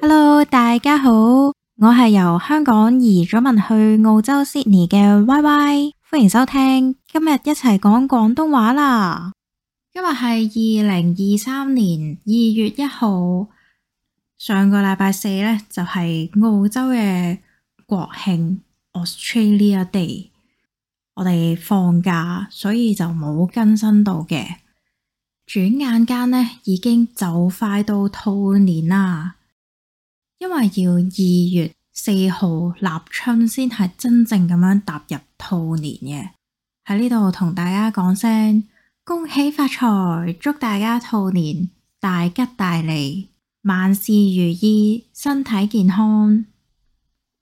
Hello，大家好，我係由香港移咗民去澳洲 Sydney 嘅 Y Y，歡迎收聽，今日一齊講廣東話啦。今日係二零二三年二月一號，上個禮拜四呢，就係澳洲嘅國慶 Australia Day。我哋放假，所以就冇更新到嘅。轉眼間呢，已經就快到兔年啦，因為要二月四號立春先係真正咁樣踏入兔年嘅。喺呢度同大家講聲恭喜發財，祝大家兔年大吉大利，萬事如意，身體健康。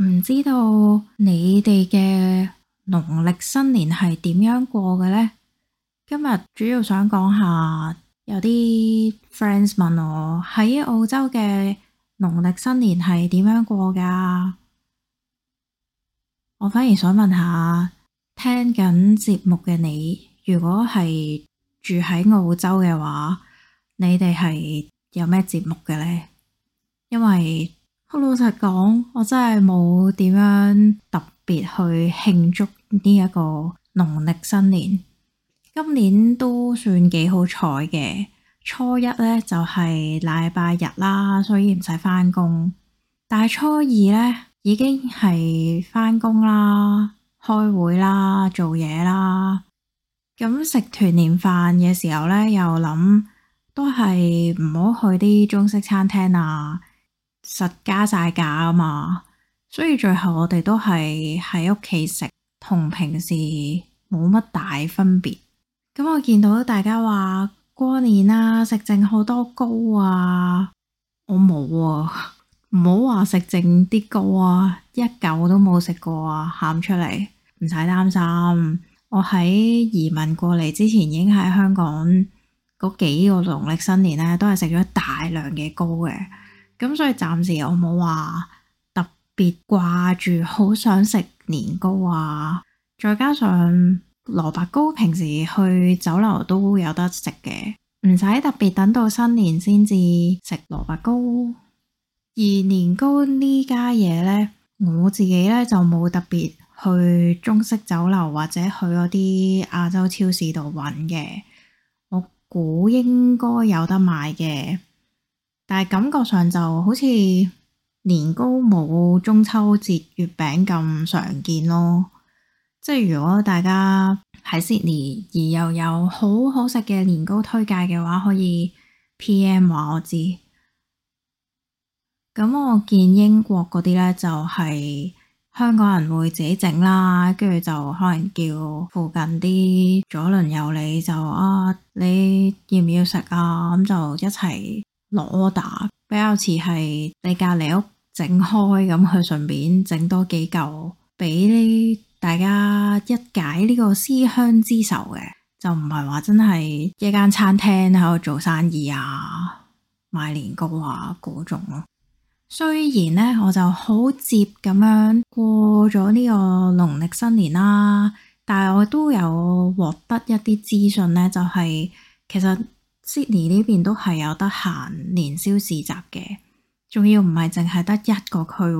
唔知道你哋嘅。農曆新年係點樣過嘅呢？今日主要想講下，有啲 friends 問我喺澳洲嘅農曆新年係點樣過噶。我反而想問下聽緊節目嘅你，如果係住喺澳洲嘅話，你哋係有咩節目嘅呢？因為，好老實講，我真係冇點樣特別去慶祝呢一個農曆新年，今年都算幾好彩嘅。初一呢就係禮拜日啦，所以唔使翻工。但係初二呢已經係翻工啦、開會啦、做嘢啦。咁食團年飯嘅時候呢，又諗都係唔好去啲中式餐廳啊，實加晒價啊嘛。所以最後我哋都係喺屋企食，同平時冇乜大分別。咁我見到大家話過年啊，食剩好多糕啊，我冇啊，唔好話食剩啲糕啊，一嚿都冇食過啊，喊出嚟唔使擔心。我喺移民過嚟之前，已經喺香港嗰幾個農曆新年咧，都係食咗大量嘅糕嘅，咁所以暫時我冇話。別掛住好想食年糕啊！再加上蘿蔔糕，平時去酒樓都有得食嘅，唔使特別等到新年先至食蘿蔔糕。而年糕呢家嘢呢，我自己呢就冇特別去中式酒樓或者去嗰啲亞洲超市度揾嘅，我估應該有得賣嘅，但係感覺上就好似。年糕冇中秋節月餅咁常見咯，即係如果大家喺悉尼，而又有好好食嘅年糕推介嘅話，可以 PM 話、啊、我知。咁我見英國嗰啲咧就係香港人會自己整啦，跟住就可能叫附近啲左鄰右里就，啊你要唔要食啊？咁就一齊攞 order。比較似係你隔籬屋。整開咁，去，順便整多幾嚿俾呢大家一解呢個思鄉之仇嘅，就唔係話真係一間餐廳喺度做生意啊、賣年糕啊嗰種咯。雖然呢，我就好接咁樣過咗呢個農曆新年啦，但係我都有獲得一啲資訊呢就係、是、其實 Sydney 呢邊都係有得行年宵市集嘅。仲要唔係淨係得一個區，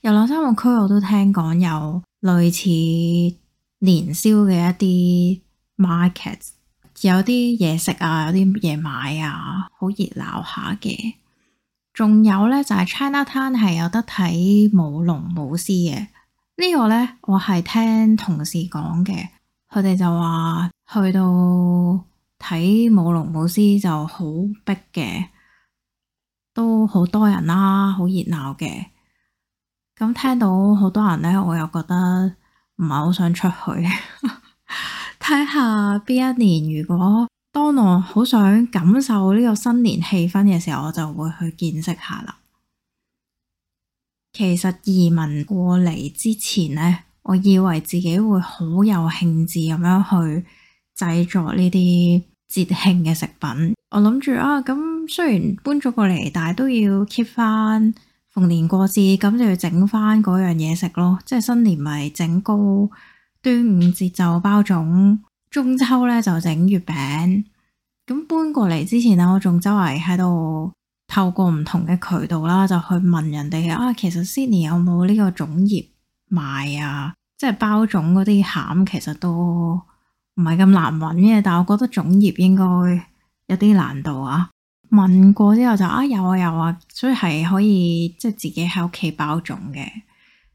有兩三個區，我都聽講有類似年宵嘅一啲 market，有啲嘢食啊，有啲嘢買啊，好熱鬧下嘅。仲有呢，就係 China Town 係有得睇舞龍舞獅嘅，呢、呢個呢，我係聽同事講嘅，佢哋就話去到睇舞龍舞獅就好逼。嘅都好多人啦，好熱鬧嘅。咁聽到好多人呢，我又覺得唔係好想出去睇下邊一年。如果當我好想感受呢個新年氣氛嘅時候，我就會去見識下啦。其實移民過嚟之前呢，我以為自己會好有興致咁樣去製作呢啲。節慶嘅食品，我諗住啊，咁雖然搬咗過嚟，但係都要 keep 翻逢年過節，咁就要整翻嗰樣嘢食咯。即係新年咪整糕，端午節就包粽，中秋咧就整月餅。咁搬過嚟之前啊，我仲周圍喺度透過唔同嘅渠道啦，就去問人哋啊，其實 Sydney 有冇呢個粽葉賣啊？即係包粽嗰啲餡，其實都。唔係咁難搵嘅，但係我覺得粽葉應該有啲難度啊。問過之後就啊有啊有啊，所以係可以即係、就是、自己喺屋企包粽嘅。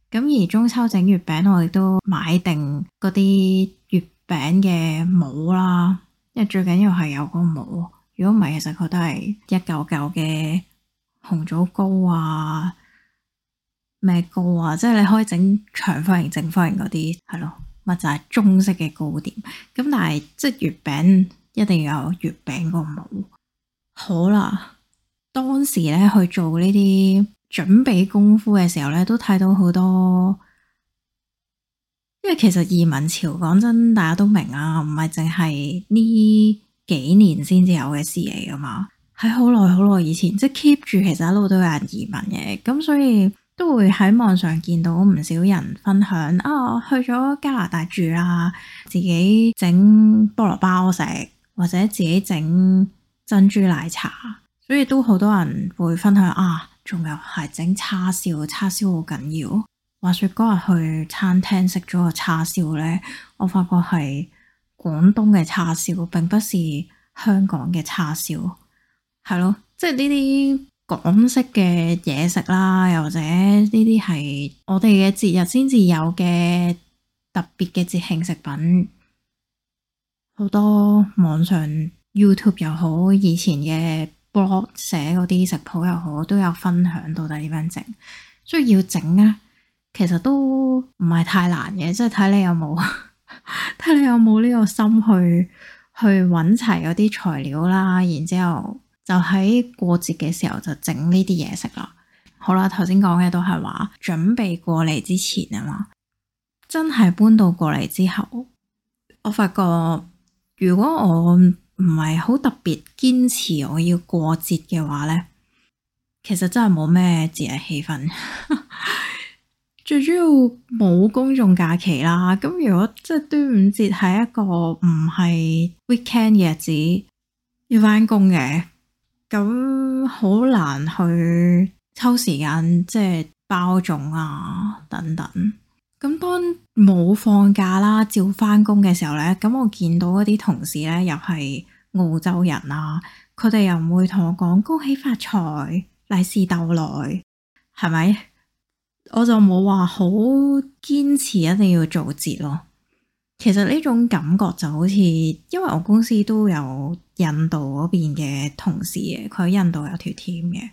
咁而中秋整月餅，我亦都買定嗰啲月餅嘅模啦，因為最緊要係有個模。如果唔係，其實佢都係一嚿嚿嘅紅棗糕啊，咩糕啊，即、就、係、是、你可以整長方形、正方形嗰啲，係咯。咪就係中式嘅糕點，咁但係即係月餅一定要有月餅個模。好啦，當時咧去做呢啲準備功夫嘅時候咧，都睇到好多，因為其實移民潮講真，大家都明啊，唔係淨係呢幾年先至有嘅事嚟噶嘛。喺好耐好耐以前，即係 keep 住其實一路都有人移民嘅，咁所以。都會喺網上見到唔少人分享啊，去咗加拿大住啊，自己整菠蘿包食，或者自己整珍珠奶茶，所以都好多人會分享啊。仲有係整叉燒，叉燒好緊要。話說嗰日去餐廳食咗個叉燒呢，我發覺係廣東嘅叉燒，並不是香港嘅叉燒，係咯，即係呢啲。港式嘅嘢食啦，又或者呢啲係我哋嘅節日先至有嘅特別嘅節慶食品，好多網上 YouTube 又好，以前嘅 blog 寫嗰啲食譜又好，都有分享到底點樣整，所以要整呀，其實都唔係太難嘅，即係睇你有冇，睇 你有冇呢個心去去揾齊嗰啲材料啦，然之後。就喺過節嘅時候就整呢啲嘢食啦。好啦，頭先講嘅都係話準備過嚟之前啊嘛，真係搬到過嚟之後，我發覺如果我唔係好特別堅持我要過節嘅話咧，其實真係冇咩節日氣氛。 最主要冇公眾假期啦。咁如果即係端午節係一個唔係 weekend 嘅日子，要翻工嘅。咁好難去抽時間即係包粽啊等等。咁當冇放假啦，照返工嘅時候呢，咁我見到嗰啲同事呢，又係澳洲人啊，佢哋又唔會同我講恭喜發財、利是逗來，係咪？我就冇話好堅持一定要做節咯。其實呢種感覺就好似，因為我公司都有印度嗰邊嘅同事嘅，佢喺印度有條 team 嘅。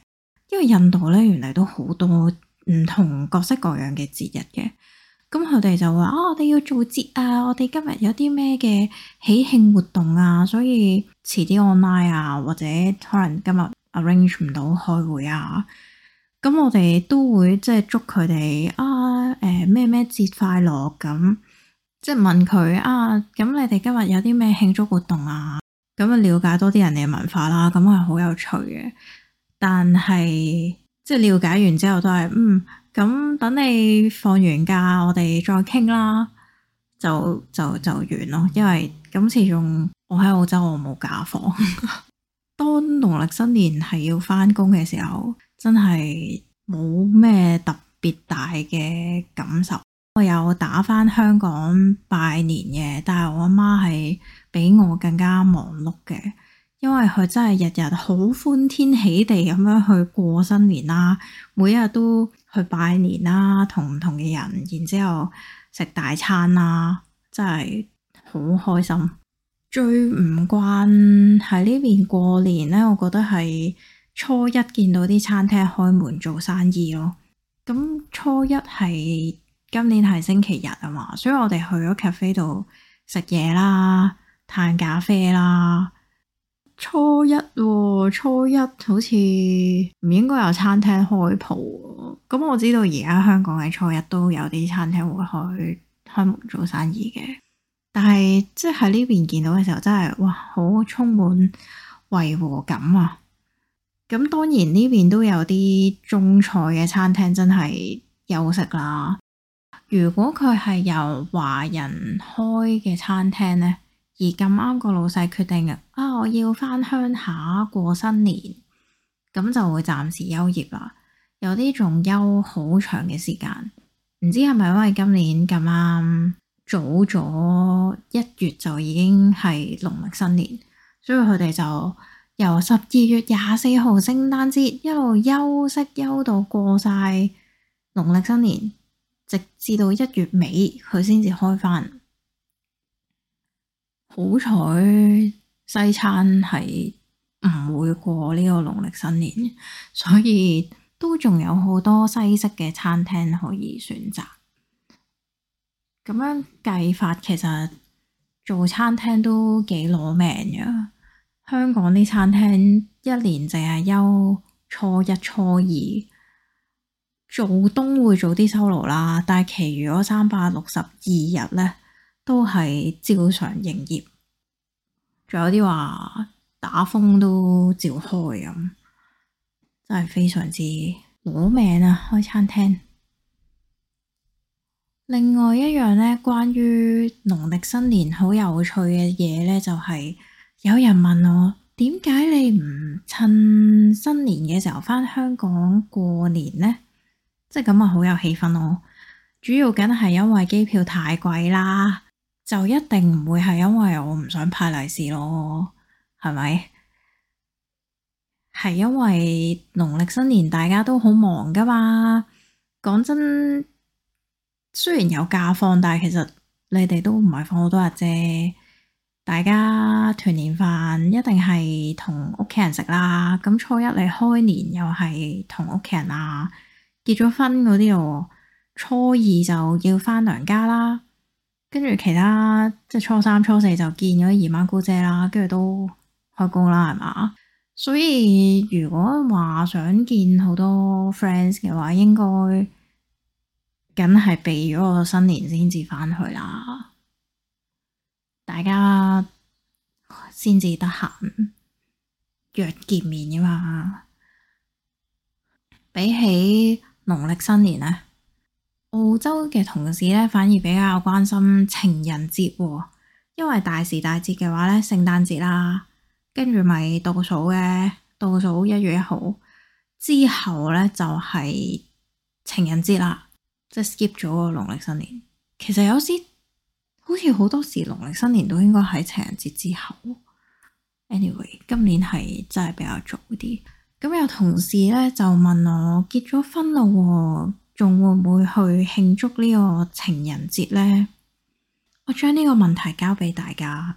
因為印度咧原嚟都好多唔同各式各樣嘅節日嘅，咁佢哋就話啊，我哋要做節啊，我哋今日有啲咩嘅喜慶活動啊，所以遲啲 online 啊，或者可能今日 arrange 唔到開會啊，咁、嗯、我哋都會即係祝佢哋啊，誒咩咩節快樂咁。嗯即係問佢啊，咁你哋今日有啲咩慶祝活動啊？咁、嗯、啊，了解多啲人哋嘅文化啦，咁係好有趣嘅。但係即係了解完之後都係嗯，咁等你放完假，我哋再傾啦，就就就完咯。因為咁始終我喺澳洲，我冇假放。 當農曆新年係要返工嘅時候，真係冇咩特別大嘅感受。我有打返香港拜年嘅，但係我阿媽係比我更加忙碌嘅，因為佢真係日日好歡天喜地咁樣去過新年啦，每一日都去拜年啦，同唔同嘅人，然之後食大餐啦，真係好開心。最唔慣喺呢邊過年呢，我覺得係初一見到啲餐廳開門做生意咯。咁初一係。今年係星期日啊嘛，所以我哋去咗 cafe 度食嘢啦，嘆咖啡啦。初一、啊，初一好似唔應該有餐廳開鋪啊。咁我知道而家香港嘅初一都有啲餐廳會開開門做生意嘅，但係即係喺呢邊見到嘅時候真，真係哇，好充滿違和感啊！咁當然呢邊都有啲中菜嘅餐廳真係休息啦。如果佢係由華人開嘅餐廳呢，而咁啱個老細決定啊，我要翻鄉下過新年，咁就會暫時休業啦。有啲仲休好長嘅時間，唔知係咪因為今年咁啱早咗一月就已經係農曆新年，所以佢哋就由十二月廿四號聖誕節一路休息休到過晒農曆新年。直至到一月尾，佢先至開翻。好彩西餐係唔會過呢個農曆新年，所以都仲有好多西式嘅餐廳可以選擇。咁樣計法，其實做餐廳都幾攞命㗎。香港啲餐廳一年淨係休初一、初二。做冬會早啲收爐啦，但係其餘嗰三百六十二日呢，都係照常營業。仲有啲話打風都照開咁，真係非常之攞命啊！開餐廳。另外一樣呢，關於農曆新年好有趣嘅嘢呢，就係、是、有人問我「點解你唔趁新年嘅時候返香港過年呢？」即係咁啊，好有氣氛咯！主要梗係因為機票太貴啦，就一定唔會係因為我唔想派利是咯，係咪？係因為農曆新年大家都好忙噶嘛。講真，雖然有假放，但係其實你哋都唔係放好多日啫。大家團年飯一定係同屋企人食啦。咁初一你開年又係同屋企人啊。結咗婚嗰啲咯，初二就要翻娘家啦，跟住其他即係初三、初四就見咗姨媽姑姐啦，跟住都開工啦，係嘛？所以如果話想見好多 friends 嘅話，應該梗係避咗個新年先至翻去啦，大家先至得閒約見面吖嘛，比起，農曆新年咧，澳洲嘅同事咧反而比較關心情人節，因為大時大節嘅話咧，聖誕節啦，跟住咪倒數嘅，倒數一月一號之後咧就係情人節啦，即係 skip 咗個農曆新年。其實有時好似好多時農曆新年都應該喺情人節之後。Anyway，今年係真係比較早啲。咁有同事咧就問我結咗婚啦，仲會唔會去慶祝呢個情人節咧？我將呢個問題交俾大家。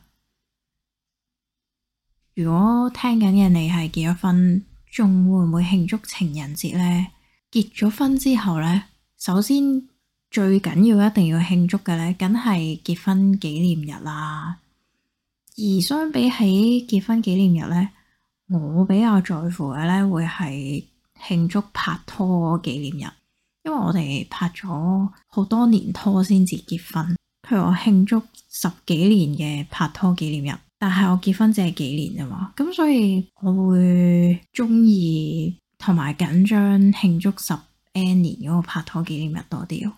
如果聽緊嘅你係結咗婚，仲會唔會慶祝情人節咧？結咗婚之後咧，首先最緊要一定要慶祝嘅咧，梗係結婚紀念日啦。而相比起結婚紀念日咧。我比較在乎嘅咧，會係慶祝拍拖紀念日，因為我哋拍咗好多年拖先至結婚，譬如我慶祝十幾年嘅拍拖紀念日，但係我結婚只係幾年啊嘛，咁所以我會鍾意同埋緊張慶祝十 N 年嗰個拍拖紀念日多啲囉。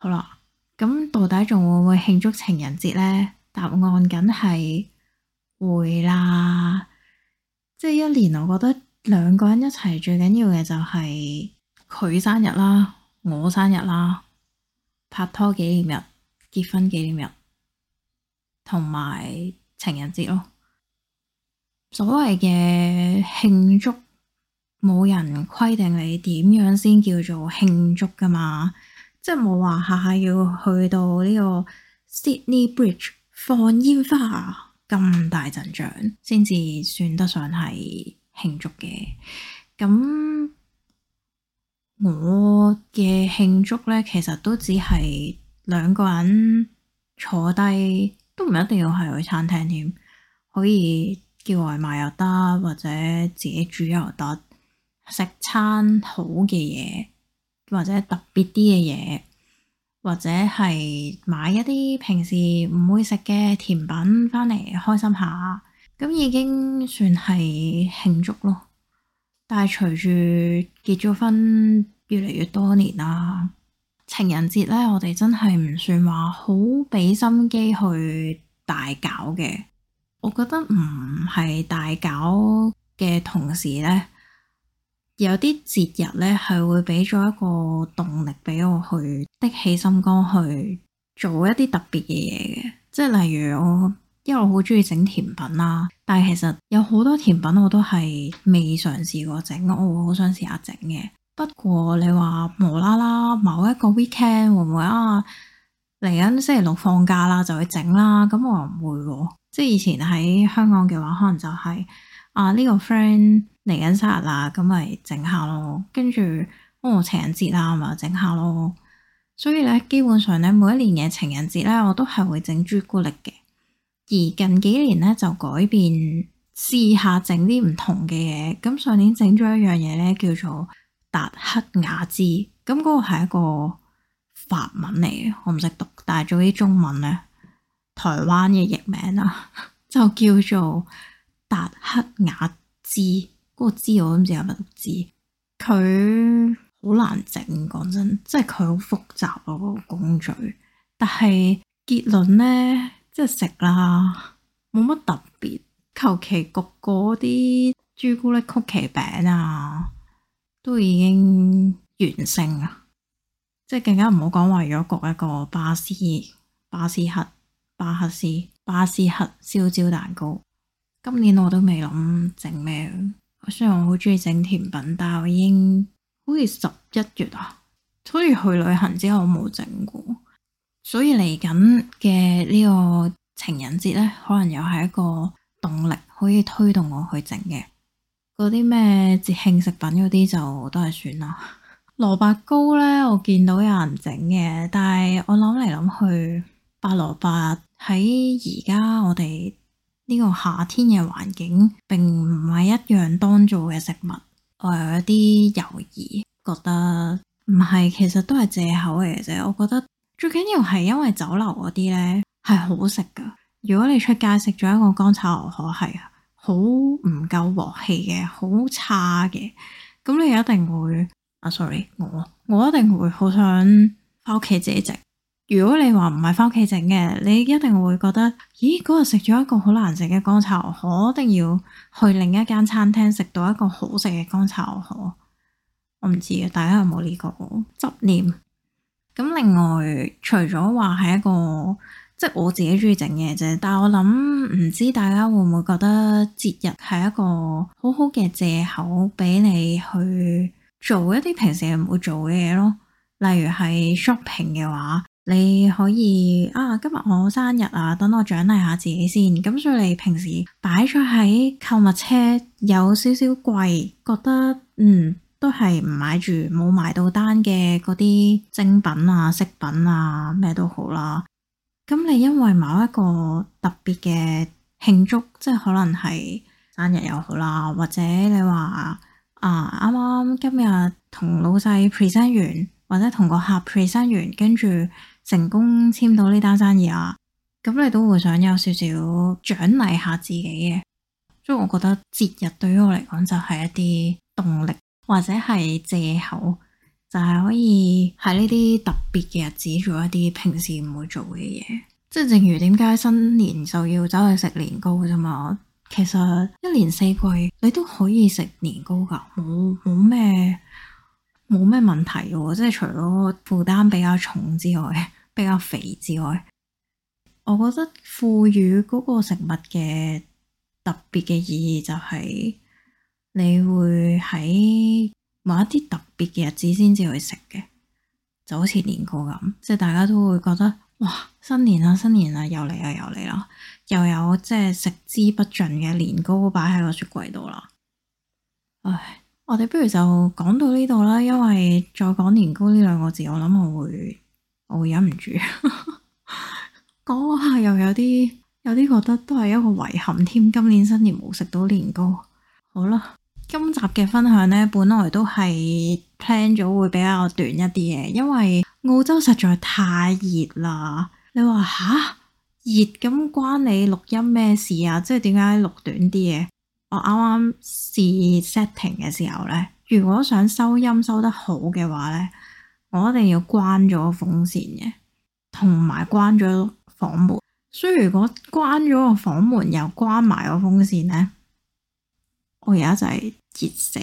好啦，咁到底仲會唔會慶祝情人節呢？答案梗係會啦。即係一年，我覺得兩個人一齊最緊要嘅就係佢生日啦、我生日啦、拍拖紀念日、結婚紀念日，同埋情人節咯。所謂嘅慶祝，冇人規定你點樣先叫做慶祝噶嘛。即係冇話下下要去到呢個 Sydney Bridge 放煙花。咁大陣仗先至算得上係慶祝嘅，咁我嘅慶祝咧，其實都只係兩個人坐低，都唔一定要係去餐廳添，可以叫外賣又得，或者自己煮又得，食餐好嘅嘢，或者特別啲嘅嘢。或者係買一啲平時唔會食嘅甜品翻嚟開心下，咁已經算係慶祝咯。但係隨住結咗婚越嚟越多年啦，情人節呢，我哋真係唔算話好俾心機去大搞嘅。我覺得唔係大搞嘅同時呢。有啲節日呢，係會俾咗一個動力俾我去的起心肝去做一啲特別嘅嘢嘅，即係例如我，因為我好中意整甜品啦，但係其實有好多甜品我都係未嘗試過整，我好想試下整嘅。不過你話無啦啦，某一個 weekend 會唔會啊？嚟緊星期六放假啦，就去整啦？咁我又唔會，即係以前喺香港嘅話，可能就係、是。啊呢個 friend 嚟緊生日啦，咁咪整下咯，跟住哦，情人節啦，咁咪整下咯。所以咧，基本上咧，每一年嘅情人節咧，我都係會整朱古力嘅。而近幾年咧，就改變，試下整啲唔同嘅嘢。咁上年整咗一樣嘢咧，叫做達克雅芝。咁嗰個係一個法文嚟嘅，我唔識讀，但係做啲中文咧，台灣嘅譯名啦， 就叫做。黑雅芝嗰、嗰個芝，我諗住有乜芝？佢好難整，講真、啊那個，即係佢好複雜咯。個工序，但係結論咧，即係食啦，冇乜特別。求其焗嗰啲朱古力曲奇餅啊，都已經完成啦。即係更加唔好講為咗焗一個巴斯巴斯克、巴斯斯、巴斯克燒焦蛋糕。今年我都未諗整咩，雖然我好中意整甜品，但我已經好似十一月啊，所以去旅行之後我冇整過，所以嚟緊嘅呢個情人節呢，可能又係一個動力，可以推動我去整嘅。嗰啲咩節慶食品嗰啲就都係算啦。蘿 蔔糕呢，我見到有人整嘅，但係我諗嚟諗去，白蘿蔔喺而家我哋。呢個夏天嘅環境，並唔係一樣當造嘅食物，我有一啲猶豫，覺得唔係，其實都係借口嚟嘅啫。我覺得最緊要係因為酒樓嗰啲呢係好食㗎，如果你出街食咗一個乾炒牛河係好唔夠鑊氣嘅，好差嘅，咁你一定會啊，sorry，我我一定會好想翻屋企自己食。如果你話唔係翻屋企整嘅，你一定會覺得，咦，嗰日食咗一個好難食嘅乾炒河，一定要去另一間餐廳食到一個好食嘅乾炒河。我唔知啊，大家有冇呢個執念？咁另外，除咗話係一個，即係我自己中意整嘢啫。但係我諗，唔知大家會唔會覺得節日係一個好好嘅借口，俾你去做一啲平時唔會做嘅嘢咯。例如係 shopping 嘅話。你可以啊，今日我生日啊，等我獎勵下自己先。咁所以你平時擺咗喺購物車有少少貴，覺得嗯都係唔買住，冇埋到單嘅嗰啲精品啊、飾品啊咩都好啦。咁你因為某一個特別嘅慶祝，即係可能係生日又好啦，或者你話啊，啱啱今日同老細 present 完，或者同個客 present 完，跟住。成功簽到呢單生意啊，咁你都會想有少少獎勵下自己嘅，所以我覺得節日對於我嚟講就係一啲動力或者係借口，就係、是、可以喺呢啲特別嘅日子做一啲平時唔會做嘅嘢。即係正如點解新年就要走去食年糕啫嘛？其實一年四季你都可以食年糕㗎，冇冇咩。冇咩問題嘅，即係除咗負擔比較重之外，比較肥之外，我覺得賦予嗰個食物嘅特別嘅意義就係你會喺某一啲特別嘅日子先至去食嘅，就好似年糕咁，即係大家都會覺得哇，新年啊，新年啊，又嚟啊，又嚟啦，又有即係食之不盡嘅年糕擺喺個雪櫃度啦，唉。我哋不如就講到呢度啦，因為再講年糕呢兩個字，我諗我會我會忍唔住講 下又有啲有啲覺得都係一個遺憾添。今年新年冇食到年糕，好啦，今集嘅分享呢，本來都係 plan 咗會比較短一啲嘅，因為澳洲實在太熱啦。你話吓熱咁關你錄音咩事啊？即係點解錄短啲嘅？我啱啱試 setting 嘅時候咧，如果想收音收得好嘅話咧，我一定要關咗個風扇嘅，同埋關咗房門。所以如果關咗個房門又關埋個風扇咧，我而家就係熱死。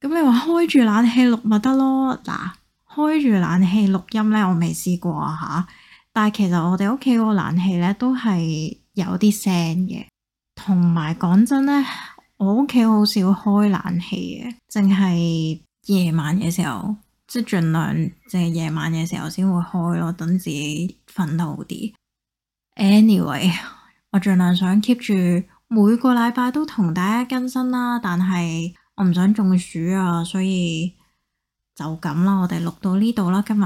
咁你話開住冷氣錄咪得咯？嗱、啊，開住冷氣錄音咧，我未試過吓。但係其實我哋屋企個冷氣咧都係有啲聲嘅。同埋講真咧，我屋企好少開冷氣嘅，淨係夜晚嘅時候，即係盡量淨係夜晚嘅時候先會開咯，等自己瞓得好啲。Anyway，我盡量想 keep 住每個禮拜都同大家更新啦，但係我唔想中暑啊，所以就咁啦。我哋錄到呢度啦，今日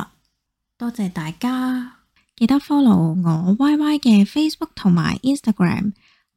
多謝大家，記得 follow 我 YY 嘅 Facebook 同埋 Instagram。